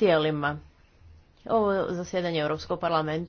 tijelima. Ovo je zasjedanje Europskog parlamenta.